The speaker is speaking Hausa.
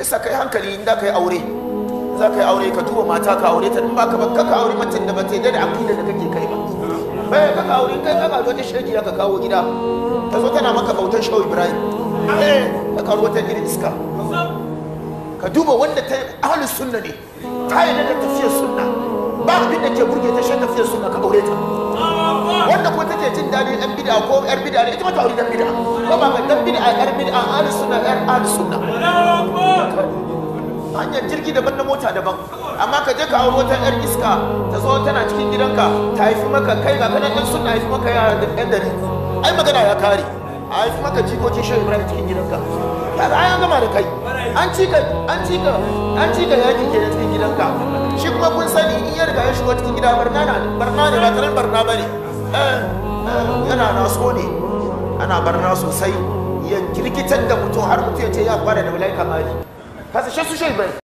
shi sa kai hankali in da kai aure za ka yi aure ka tuba mata ka aure ta in ba ka ba ka aure mutum da ba ta yadda da akidar da kake kai ba bai eh, ka aure kai ka kawo wata shegi ka kawo gida ta zo tana maka bautan shawu ibrahim eh ka kawo wata irin iska ka duba wanda ta ahli sunna ne ta yi da tafiyar sunna ba abin da ke burge ta shan tafiyar sunna ka aure ta wanda ko take jin daɗi ɗan bid'a ko ƴar bid'a ne ita ma ta aure ɗan bid'a ko ba ka ɗan bid'a ƴar bid'a ahli sunna ƴar ahli sunna kawai hanyar jirgi daban na mota daban amma ka je ka auri wata yar iska ta zo tana cikin gidanka ta haifi maka kai ga kanan yan sunna haifi maka yara da ɗan dare ai magana ya kare a haifi maka jikokin shehu ibrahim cikin gidanka kaga ai an gama da kai an ci ka an ci ka an ci ka yaki ke cikin gidanka shi kuma kun sani in ya riga ya shigo cikin gida barna na barna ne ba tarin barna bane eh, eh, yana na so ne ana barna sosai ya kirkitar da mutum har mutum ya ce ya fara da malaika mali هذا شخص شيبان